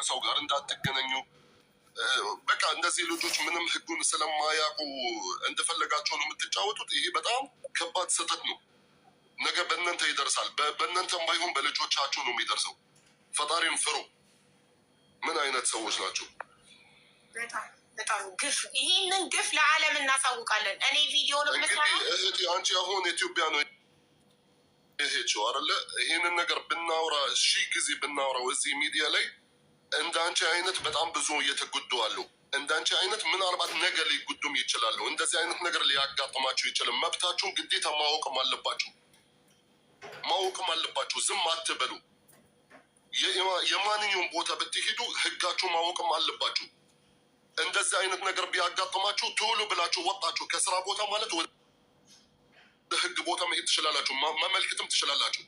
ከሰው ጋር እንዳትገናኙ በቃ እንደዚህ ልጆች ምንም ህጉን ስለማያውቁ እንደፈለጋቸው ነው የምትጫወቱት። ይሄ በጣም ከባድ ስህተት ነው። ነገ በእናንተ ይደርሳል። በእናንተም ባይሆን በልጆቻችሁ ነው የሚደርሰው። ፈጣሪም ፍሩ። ምን አይነት ሰዎች ናቸው? ግፍ። ይህንን ግፍ ለዓለም እናሳውቃለን። እኔ ቪዲዮ አንቺ አሁን ኢትዮጵያ ነው ይሄችው አለ። ይህንን ነገር ብናውራ ሺህ ጊዜ ብናውራው እዚህ ሚዲያ ላይ እንዳንቺ አይነት በጣም ብዙ እየተጎዱ አሉ። እንዳንቺ አይነት ምናልባት ነገር ሊጉዱም ይችላሉ። እንደዚህ አይነት ነገር ሊያጋጥማቸው ይችላል። መብታችሁን ግዴታ ማወቅም አለባችሁ ማወቅም አለባችሁ። ዝም አትበሉ። የማንኛውም ቦታ ብትሄዱ ህጋችሁ ማወቅም አለባችሁ። እንደዚህ አይነት ነገር ቢያጋጥማችሁ ቶሎ ብላችሁ ወጣችሁ ከስራ ቦታ ማለት ወደ ህግ ቦታ መሄድ ትችላላችሁ፣ መመልከትም ትችላላችሁ።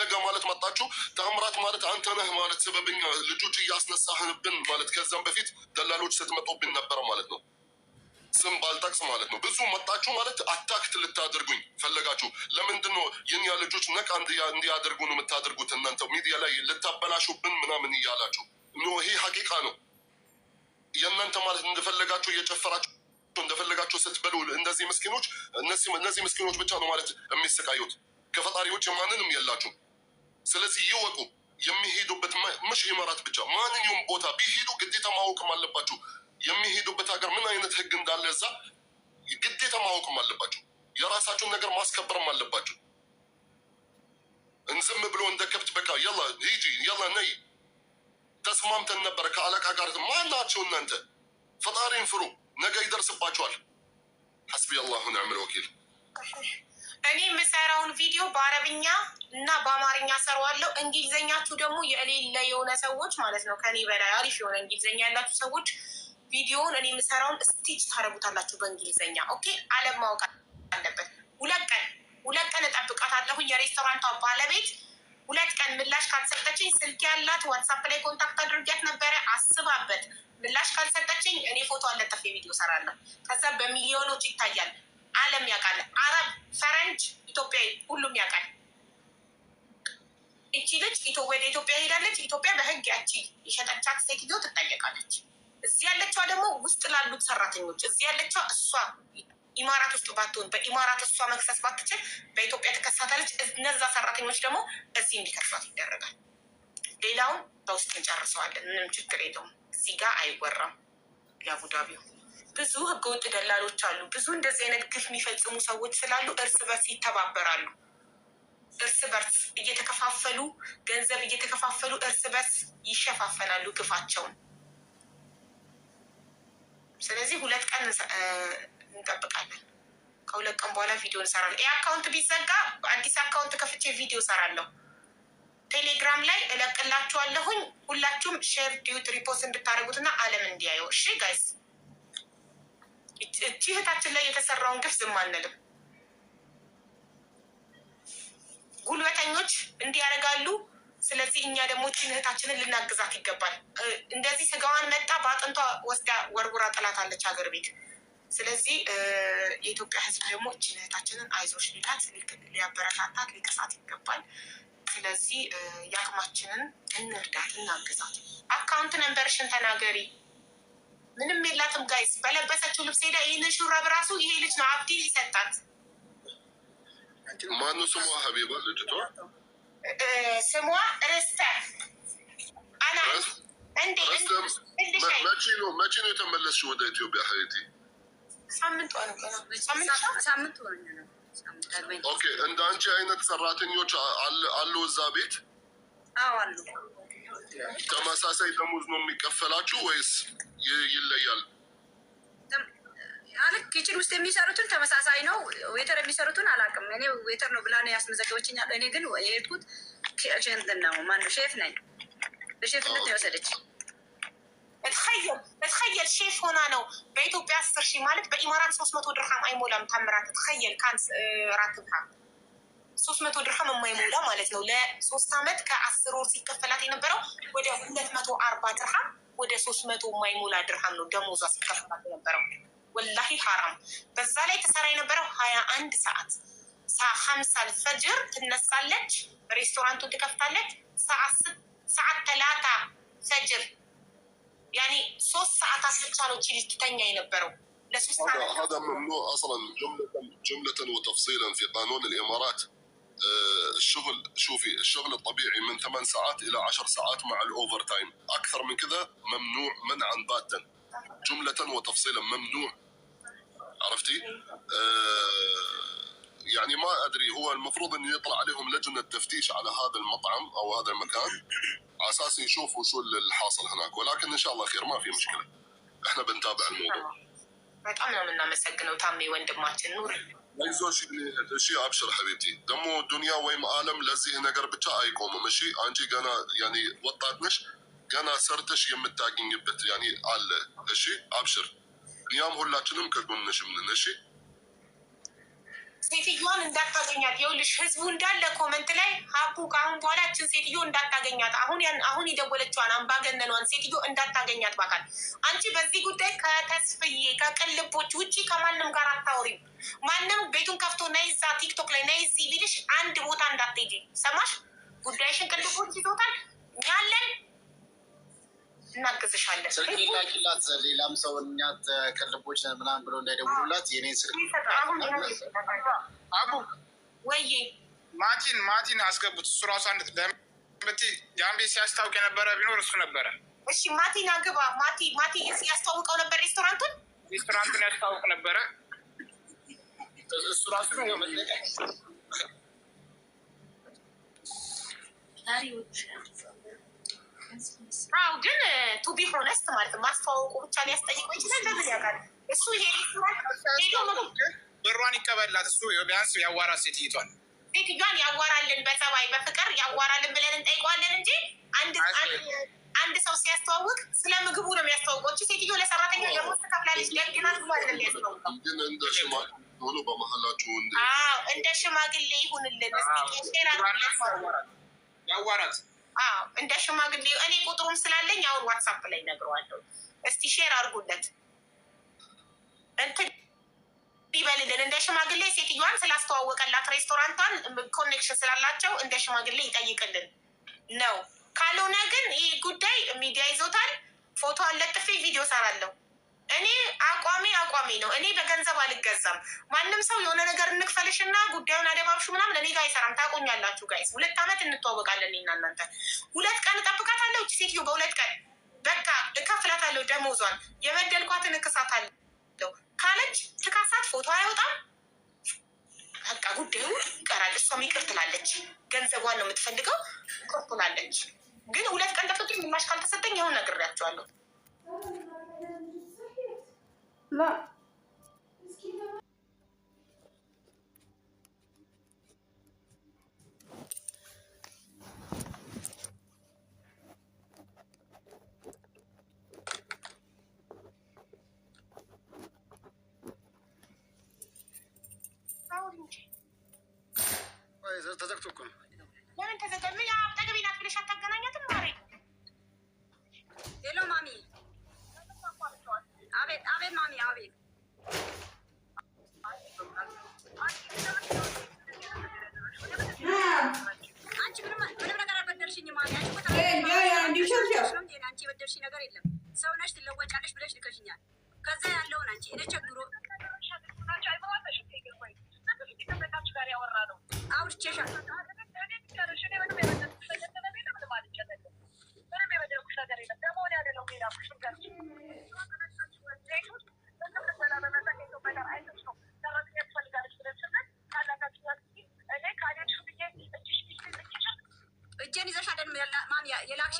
ነገ ማለት መጣችሁ ተአምራት ማለት አንተ ነህ ማለት ስበብኛ ልጆች እያስነሳህንብን ማለት ከዛም በፊት ደላሎች ስትመጡብን ነበር ማለት ነው። ስም ባልጠቅስ ማለት ነው። ብዙ መጣችሁ ማለት አታክት ልታደርጉኝ ፈለጋችሁ። ለምንድን ነው የኛ ልጆች ነቃ ነው የምታደርጉት? እናንተ ሚዲያ ላይ ልታበላሹብን ምናምን እያላችሁ ይሄ ሀቂቃ ነው። የእናንተ ማለት እንደፈለጋችሁ እየጨፈራችሁ እንደፈለጋችሁ ስትበሉ እንደዚህ ምስኪኖች እነዚህ ምስኪኖች ብቻ ነው ማለት የሚሰቃዩት። ከፈጣሪ ውጭ ማንንም የላችሁም። ስለዚህ ይወቁ። የሚሄዱበት መሽ ኢማራት ብቻ ማንኛውም ቦታ ቢሄዱ ግዴታ ማወቅም አለባችሁ። የሚሄዱበት ሀገር ምን አይነት ህግ እንዳለ እዛ ግዴታ ማወቅም አለባችሁ። የራሳችሁን ነገር ማስከበርም አለባችሁ። እንዝም ብሎ እንደ ከብት በቃ ያላ ሂጂ ያላ ነይ ተስማምተን ነበረ ከአለቃ ጋር ማናቸው። እናንተ ፈጣሪን ፍሩ፣ ነገ ይደርስባችኋል። ሐስቢ አላሁ ኒዕመል ወኪል እኔ የምሰራውን ቪዲዮ በአረብኛ እና በአማርኛ ሰራዋለሁ። እንግሊዝኛችሁ ደግሞ የሌለ የሆነ ሰዎች ማለት ነው ከኔ በላይ አሪፍ የሆነ እንግሊዝኛ ያላችሁ ሰዎች ቪዲዮውን እኔ የምሰራውን ስቲች ታደርጉታላችሁ በእንግሊዝኛ። ኦኬ፣ አለም ማወቅ አለበት። ሁለት ቀን ሁለት ቀን እጠብቃታለሁ። የሬስቶራንቷ ባለቤት ሁለት ቀን ምላሽ ካልሰጠችኝ ስልክ ያላት ዋትሳፕ ላይ ኮንታክት አድርጊያት ነበረ። አስባበት ምላሽ ካልሰጠችኝ እኔ ፎቶ አለጠፍ የቪዲዮ ሰራለሁ። ከዛ በሚሊዮኖች ይታያል። ዓለም ያውቃል። አረብ፣ ፈረንጅ፣ ኢትዮጵያዊ ሁሉም ያውቃል። እቺ ልጅ ወደ ኢትዮጵያ ሄዳለች። ኢትዮጵያ በህግ ያቺ የሸጠቻት ሴትዮ ትጠየቃለች። እዚህ ያለችዋ ደግሞ ውስጥ ላሉት ሰራተኞች እዚህ ያለችዋ እሷ ኢማራት ውስጥ ባትሆን በኢማራት እሷ መክሰስ ባትችል በኢትዮጵያ ትከሳታለች። እነዛ ሰራተኞች ደግሞ እዚህ እንዲከሷት ይደረጋል። ሌላውን በውስጥ እንጨርሰዋለን። ምንም ችግር የለውም። እዚህ ጋር አይወራም። የአቡዳቢው ብዙ ህገወጥ ደላሎች አሉ። ብዙ እንደዚህ አይነት ግፍ የሚፈጽሙ ሰዎች ስላሉ እርስ በርስ ይተባበራሉ። እርስ በርስ እየተከፋፈሉ ገንዘብ እየተከፋፈሉ እርስ በርስ ይሸፋፈናሉ ግፋቸውን። ስለዚህ ሁለት ቀን እንጠብቃለን። ከሁለት ቀን በኋላ ቪዲዮ እንሰራለን። ይህ አካውንት ቢዘጋ አዲስ አካውንት ከፍቼ ቪዲዮ ሰራለሁ። ቴሌግራም ላይ እለቅላችኋለሁኝ። ሁላችሁም ሼር ዲዩት ሪፖርት እንድታደርጉትና አለም እንዲያየው። እሺ ጋይስ እቺ እህታችን ላይ የተሰራውን ግፍ ዝም አንልም። ጉልበተኞች እንዲህ ያደርጋሉ። ስለዚህ እኛ ደግሞ እቺን እህታችንን ልናግዛት ይገባል። እንደዚህ ስጋዋን መጣ በአጥንቷ ወስዳ ወርውራ ጥላታለች ሀገር ቤት። ስለዚህ የኢትዮጵያ ሕዝብ ደግሞ እቺን እህታችንን አይዞሽ ሊላት፣ ሊያበረታታት፣ ሊቀሳት ይገባል። ስለዚህ የአቅማችንን እንርዳት፣ ልናግዛት። አካውንት ነንበርሽን ተናገሪ። ምንም የላትም ጋይስ። በለበሰችው ልብስ ሄዳ ይህን ሹራብ ራሱ ይሄ ልጅ ነው አብዲ ይሰጣት። ማኑ ስሟ ሀቢባ ልጅቷ ስሟ ርስተ አና ነው መቼ ነው የተመለስሽ ወደ ኢትዮጵያ ሀይቲ? ሳምንት ሳምንት ኦኬ እንደ አንቺ አይነት ሰራተኞች አሉ እዛ ቤት አሉ። ተመሳሳይ ደሞዝ ነው የሚከፈላችሁ ወይስ ይለያል? አልክ ኪችን ውስጥ የሚሰሩትን ተመሳሳይ ነው። ዌተር የሚሰሩትን አላውቅም። እኔ ዌተር ነው ብላ ነው ያስመዘገበችኛል። እኔ ግን የሄድኩት ሽንትን ነው ማነው ሼፍ ነኝ። በሼፍነት ነው የወሰደች። እትኸየል እትኸየል ሼፍ ሆና ነው በኢትዮጵያ አስር ሺህ ማለት በኢማራት ሶስት መቶ ድርሃም አይሞላም። ታምራት እትኸየል ካንስ ራትብሃ ሶስት መቶ ድርሃም የማይሞላ ማለት ነው። ለሶስት አመት ከአስር ወር ሲከፈላት የነበረው ወደ ሁለት መቶ አርባ ድርሃም ወደ ሶስት መቶ የማይሞላ ድርሃም ነው ደሞዟ ሲከፈላት የነበረው። ወላሂ ሀራም። በዛ ላይ ተሰራ የነበረው ሀያ አንድ ሰዓት ሀምሳ አልፈጅር ትነሳለች፣ ሬስቶራንቱን ትከፍታለች። ሰዓት ተላታ ፈጅር ያኔ ሶስት ሰዓታት ብቻ ነው ችል ትተኛ የነበረው። ለሶስት ሰዓት هذا ممنوع اصلا جمله جمله وتفصيلا في قانون الامارات آه، الشغل شوفي الشغل الطبيعي من ثمان ساعات الى عشر ساعات مع الاوفر تايم اكثر من كذا ممنوع منعا باتا جمله وتفصيلا ممنوع عرفتي آه يعني ما ادري هو المفروض انه يطلع عليهم لجنه تفتيش على هذا المطعم او هذا المكان على اساس يشوفوا شو الحاصل هناك ولكن ان شاء الله خير ما في مشكله احنا بنتابع الموضوع በጣም ነው የምናመሰግነው ታሜ ወንድማችን። ኑር አይዞሽ እሺ፣ አብሽር ሐቢብቲ። ደግሞ ዱንያ ወይም ዓለም ለዚህ ነገር ብቻ አይቆምም። እሺ አንቺ ገና ያኔ ወጣት ነሽ፣ ገና ሰርተሽ የምታገኝበት ያኔ አለ። እሺ አብሽር፣ እኛም ሁላችንም ከጎንሽም ነን። እሺ ሴትዮዋን እንዳታገኛት። የውልሽ ህዝቡ እንዳለ ኮመንት ላይ ሀቡ ከአሁን በኋላችን ሴትዮ እንዳታገኛት፣ አሁን አሁን የደወለችዋን አምባገነኗን ሴትዮ እንዳታገኛት ባካል። አንቺ በዚህ ጉዳይ ከተስፍዬ ከቅልቦች ውጭ ከማንም ጋር አታውሪም። ማንም ቤቱን ከፍቶ ናይዛ ቲክቶክ ላይ ናይዚ ቢልሽ አንድ ቦታ እንዳትሄጂ። ሰማሽ? ጉዳይሽን ቅልቦች ይዞታል። እናግዝሻለን። ስልክ ላኪላት ሌላም ሰው እኛት ከልቦች ምናምን ብሎ እንዳይደውሉላት የኔን ስልክ አቡ ወይ ማቲን ማቲን አስገቡት። እሱ ራሱ አንድት ደምቲ ጃምቤ ሲያስታውቅ የነበረ ቢኖር እሱ ነበረ። እሺ ማቲን አግባ። ማቲ ማቲ ያስታውቀው ነበር ሬስቶራንቱን ሬስቶራንቱን ያስታውቅ ነበረ እሱ ራሱ ነው መለቀ አዎ ግን ቱቢ uh, ሆነስት ማለት ማስተዋወቁ ብቻ ሊያስጠይቁ ይችላል። ለምን ያውቃል እሱ ይሄ ብሯን ይቀበላት። እሱ ቢያንስ ያዋራ ሴት ይቷል ሴትዮዋን ያዋራልን፣ በሰባይ በፍቅር ያዋራልን ብለን እንጠይቀዋለን እንጂ አንድ ሰው ሲያስተዋውቅ ስለ ምግቡ ነው የሚያስተዋውቀው። ሴትዮ ለሰራተኛ ደሞዝ ትከፍላለች፣ ደግናት ብሎ አይደለም እንደ ሽማግሌ ይሁንልን ያዋራት እንደ ሽማግሌ እኔ ቁጥሩም ስላለኝ አሁን ዋትሳፕ ላይ ነግረዋለሁ። እስቲ ሼር አድርጉለት እንትን ይበልልን። እንደ ሽማግሌ ሴትዮዋን ስላስተዋወቀላት ሬስቶራንቷን ኮኔክሽን ስላላቸው እንደ ሽማግሌ ይጠይቅልን ነው። ካልሆነ ግን ይህ ጉዳይ ሚዲያ ይዞታል። ፎቶ አለጥፌ ቪዲዮ ሰራለሁ። እኔ አቋሚ አቋሚ ነው። እኔ በገንዘብ አልገዛም። ማንም ሰው የሆነ ነገር እንክፈልሽ እና ጉዳዩን አደባብሹ ምናምን እኔ ጋር አይሰራም። ታቆኛላችሁ ጋይስ። ሁለት ዓመት እንተዋወቃለን እና እናንተ ሁለት ቀን እጠብቃታለሁ። እቺ ሴትዮ በሁለት ቀን በቃ እከፍላታለሁ ደሞዟን፣ የበደልኳትን እክሳታለሁ ካለች ትካሳት። ፎቶ አይወጣም። በቃ ጉዳዩ ይቀራል። እሷም ይቅር ትላለች። ገንዘቧን ነው የምትፈልገው። ይቅር ትላለች። ግን ሁለት ቀን ጠብቅ። ግማሽ ካልተሰጠኝ ይሁን ነግሬያቸዋለሁ። ላ ተዘግቶ እኮ ነው። ለምን ተዘጋ? ምን ጠገቤ ናት ብለሽ አታገናኛትም? ማሬ ሄሎ ማሚ አቤት አቤት ማሚ አቤት አንቺ ምንም ነገር አልበደልሽኝም ማሚ አንቺ የበደልሽኝ ነገር የለም ሰው ነሽ ትለወጫለሽ ብለሽ ልከሽኛል ከዛ ያለውን አንቺ ሄደ ቸግሮ አውርቼሻለሁ